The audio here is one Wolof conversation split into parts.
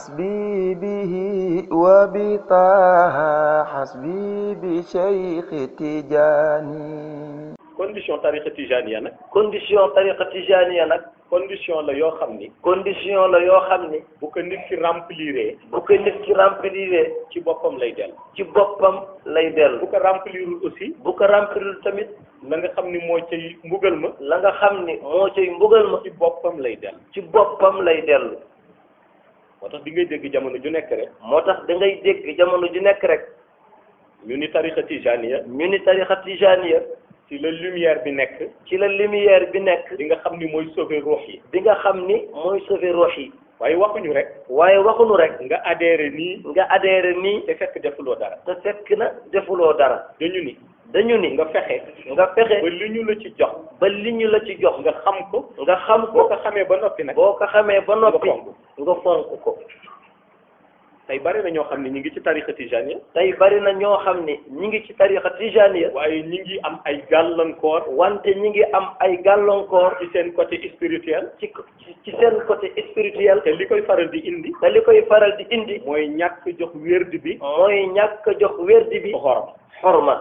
حسبي به وبطه حسبي بشيخ تجاني condition tariqa tijaniya nag condition tariqa tijaniya nag condition la yoo xam ni condition la yoo xam ni bu ko nit ki rempliree bu ko nit ki rempliree ci boppam lay dellu ci boppam lay dellu bu ko remplirul aussi bu ko remplirul tamit la nga xam ni moo ci mbugal ma la nga xam ni moo cay mbugal ma ci boppam lay dellu ci boppam lay dellu moo tax di ngay dégg jamono ju nekk rek moo tax da ngay dégg jamono ju nekk rek ñu ni tarixa tijaniya ñu ni tarixa tijaniya ci la lumière bi nekk ci la lumière bi nekk di nga xam ni mooy sauver ruux yi di nga xam ni mooy sauver ruux yi waaye waxuñu rek waaye waxuñu rek nga adhéré nii nga adhéré nii te fekk defuloo dara te fekk na defuloo dara dañu ni dañu ni nga fexe nga fexe ba li ñu la ci jox ba li ñu la ci jox nga xam ko nga xam ko boo ko xamee ba noppi nag boo ko xamee ba noppi nga tey bari na ñoo xam ne ñi ngi ci tariqa tijaniya tey bari na ñoo xam ne ñi ngi ci tariqa tijaniya waaye ñi ngi am ay gàllankoor wante ñi ngi am ay gàllankoor ci seen côté spirituel ci ci seen côté spirituel te li koy faral di indi te li koy faral di indi mooy ñàkk jox wérdi bi oh. mooy ñàkk jox wérdi bi xorom xorma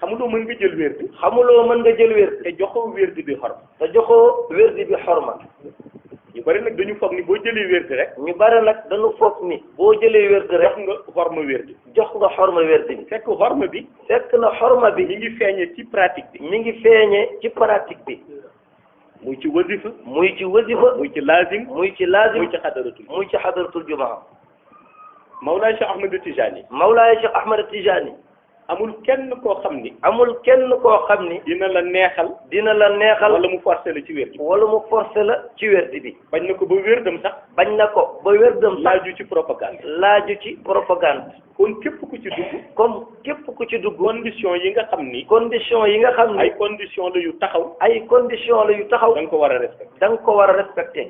xamuloo mën nga jël wérdi xamuloo mën nga jël wérdi te joxoo wérdi bi xorma te joxoo wérdi bi xorma bari nag dañu foog ni boo jëlee wérdi rek ñu bari nag dañu foog ni boo jëlee wérdi rek jox nga xorma wérdi jox nga xorma wérdi bi fekk xorma bi fekk na xorma bi mi ngi feeñee ci pratique bi mi ngi feeñee ci pratique bi muy ci wasifa muy ci wasifa muy ci lazim muy ci lazim muy ci xadaratul muy ci xadaratul jumaa Mawlaay Cheikh Ahmed Tijani Mawlaay Cheikh Ahmed Tijani amul kenn koo xam ni. amul kenn koo xam ni. dina la neexal. dina la neexal wala mu forcé la ci wér. wala mu forcé la ci wér bi. bañ na ko ba wér dem sax. bañ na ko ba wér dem sax. laaju ci propagande. laaju ci propagande. kon képp ku ci dugg. comme képp ku ci dugg. condition yi nga xam ni. condition yi nga xam ni. ay condition la yu taxaw. ay condition la yu taxaw. da ko war a respecté. da nga ko war a respecté.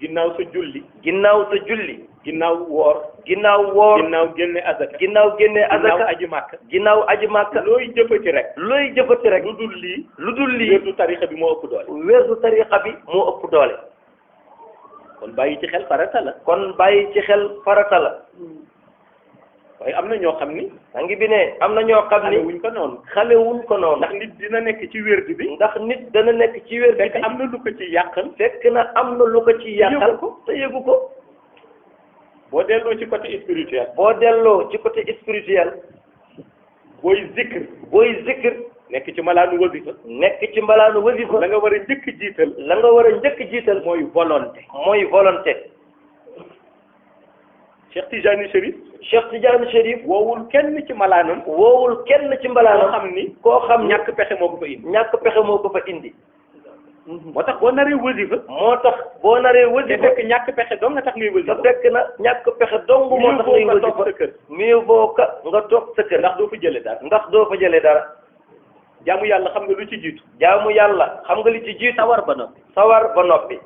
ginnaaw sa julli. ginnaaw sa julli. ginnaaw woor. ginnaaw woor ginnaaw génne azaka. ginnaaw génne azaka ginnaaw aji ginnaaw aji màkk. looy jëfati rek. looy jëfati rek. lu dul lii. lu dul lii weesu tarixa bi moo ëpp doole. weesu tarixa bi moo ëpp doole. kon bàyyi ci xel farata la. kon bàyyi ci xel farata la. waaye am na ñoo xam ni. sangi bi ne am na ñoo xam ni wuñ ko noonu. xale wuñ ko noonu. ndax nit dina nekk ci wérdi bi. ndax nit dana nekk ci wérdi bi. fekk am na lu ko ci yàqal. fekk na am na lu ko ci yàqal. ko te yëgu ko. boo delloo ci côté spirituel. boo delloo ci côté spirituel. booy zikr. booy zikr. nekk ci malaanu wasifa. nekk ci malaanu wasifa. la nga war a njëkk jiital. la nga war a njëkk jiital. mooy volonté. mooy volonté. Cheikh Tijani Cherif. Cheikh Tijani Cherif. woowul kenn ci malaanam. woowul kenn ci mbalaanam. koo xam ni koo xam ñàkk pexe moo ko fa indi. ñàkk pexe moo ko fa indi. moo tax boo naree ba moo tax boo naree wasifa mhm. te fekk ñàkk pexe dong nga tax ngay wasifa te fekk na ñàkk pexe dong moo tax ngay wasifa mieux vaut que nga toog sa kër ndax doo fa jëlee dara ndax doo fa jëlee dara jaamu yàlla xam nga lu ci jiitu jaamu yàlla xam nga lu ci jiitu sawar ba noppi sawar ba noppi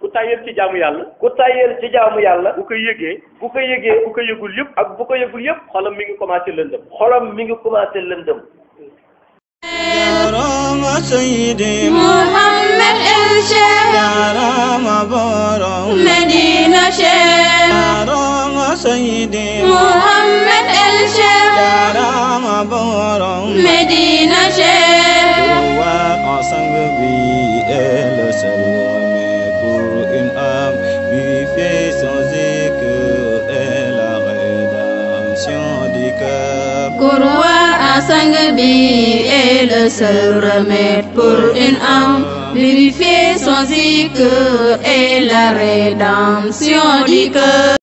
ku tayel ci jaamu yàlla ku tayel ci jaamu yàlla bu ko yëgee bu ko yëgee bu ko yëgul yëpp ak bu ko yëgul yëpp xolam mi ngi commencé lëndëm xolam mi ngi commencé lëndëm سيدي محمد الشيخ يا رام بورو مدينة شيخ يا رام سيدي محمد الشيخ يا رام بورو مدينة شيخ هو قصن بي السلام إن أم بفي سوزيك إلى غدا سيدك كروا أسنگ بي est le seul remède pour une âme. Purifier son zikr et la rédemption du